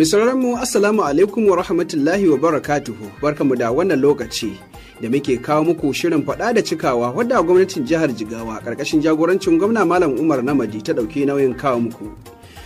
Mai mu Assalamu alaikum wa rahmatullahi wa barakatuhu barkamu da wannan lokaci da muke kawo muku shirin faɗa da cikawa wadda gwamnatin jihar Jigawa karkashin jagorancin gwamna Malam Umar Namadi ta ɗauki nauyin kawo muku.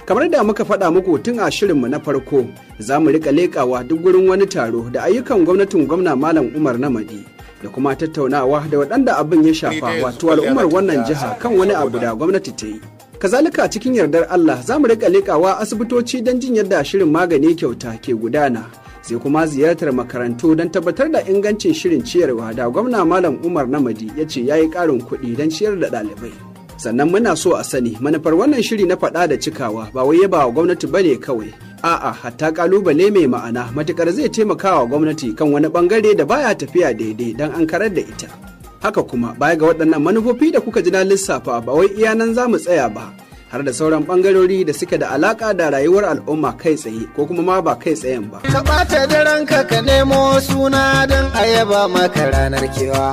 Kamar da muka faɗa muku tun a shirinmu na farko za mu riƙa leƙawa duk gurin wani taro da ayyukan gwamnatin gwamna Malam Umar Namadi. da kuma tattaunawa da waɗanda abin ya shafa wato al'ummar wannan jiha kan wani abu da gwamnati ta yi Kazalika cikin yardar Allah za mu riƙa leƙawa asibitoci don jin yadda shirin magani kyauta ke gudana. Sai kuma ziyartar makarantu don tabbatar da ingancin shirin ciyarwa da gwamna Malam Umar Namadi ya ce ya yi ƙarin kuɗi don ciyar da ɗalibai. Sannan muna so a sani manufar wannan shiri na faɗa da cikawa ba wai yaba wa gwamnati ba ne kawai. A'a hatta ƙalubale mai ma'ana matukar zai taimaka wa gwamnati kan wani ɓangare da baya tafiya daidai don an karar da ita. Haka kuma baya ga waɗannan manufofi da kuka ji na lissafa ba wai iya nan za mu tsaya ba. har da sauran bangarori da suke da alaka da rayuwar al'umma kai tsaye ko kuma ma ba kai tsayen ba. Ka ɓata daren ka ka nemo suna don ayaba maka ranar kewa.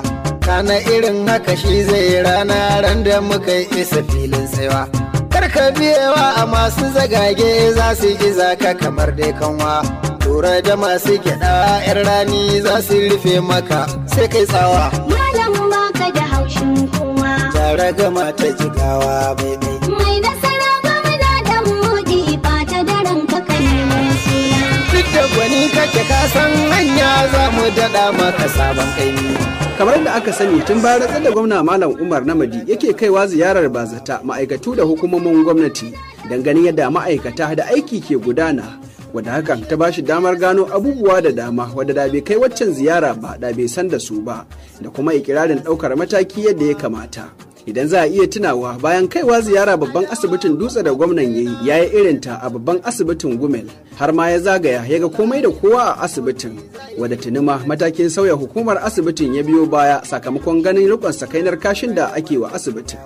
Kana irin haka shi zai rana ran da muka isa filin tsayawa. Kar ka biyewa a masu zagage za su yi zaka kamar dai kanwa. Tura da masu gyaɗa 'yan rani za su rufe maka sai kai tsawa. ragama ta jigawa bebe. Mai nasara game da dan mudi ba ta daren ka kai suna. Duk da gwani kake ka san hanya za mu daɗa maka sabon kai. kamar da aka sani tun bayan ratsar da gwamna malam umar namadi yake kaiwa ziyarar bazata ma'aikatu da hukumomin gwamnati ganin yadda ma'aikata da aiki ke gudana wadda hakan ta ba shi damar gano abubuwa da dama wadda da bai kai waccan ziyara ba da bai san da su ba da kuma ikirarin ɗaukar mataki yadda ya kamata. idan za a iya tunawa bayan kaiwa ziyara babban asibitin dutse da gwamnan ya yi ya yi irinta a babban asibitin gumel har ma ya zagaya ya ga komai da kowa a asibitin wadda tunima matakin sauya hukumar asibitin ya biyo baya sakamakon ganin rikon sakainar kashin da ake wa asibitin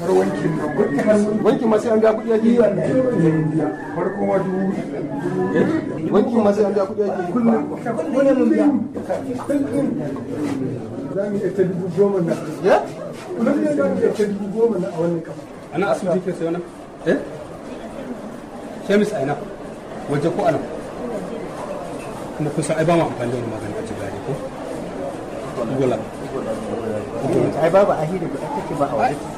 har wankin nan ma sai an biya kuɗi yake farko ma dubu eh? wankin ma sai an biya kuɗi yake yi kullum kullum biya za mu ta dubu goma na ya kullum ne za mu ta dubu goma na a wannan kafa ana asibiti ke sai wannan eh kemis aina waje ko anan kuma ai ba mu amfani da wani magani a ko Gola. Ai babu ahiri da ake ba a waje.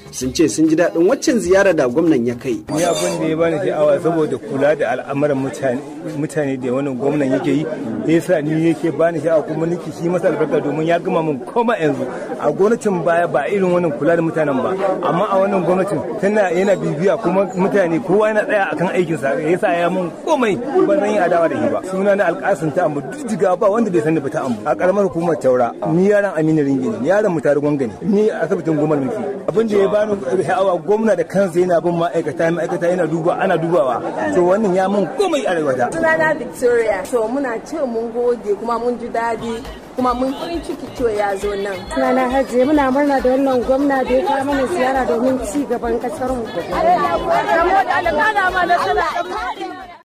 sun ce sun ji daɗin waccan ziyara da gwamnan ya kai. Ni abin da ya bani sha'awa saboda kula da al'amuran mutane da wani gwamnan yake yi ya sa ni yake bani sha'awa kuma niki shi masa albarka domin ya gama min koma yanzu a gwamnatin baya ba irin wannan kula da mutanen ba amma a wannan gwamnatin tana yana bibiya kuma mutane kowa yana tsaya akan aikin sa ya sa ya min komai ba zan yi adawa da shi ba suna na alƙasin ta duk jiga ba wanda bai sani ba ta amma. a ƙaramar hukumar taura ni yaran aminu ringini ni yaran mutari gwangani ni asibitin gomar mulki abin da ya ba kimanin awa gwamna da kansa yana bin ma'aikata ma'aikata yana duba ana dubawa to wannan ya mun komai a rayuwata sunana victoria to muna ce mun gode kuma mun ji daɗi kuma mun kuri ciki cewa ya zo nan sunana hajji muna murna da wannan gwamna da ya kawo mana ziyara domin ci gaban kasar mu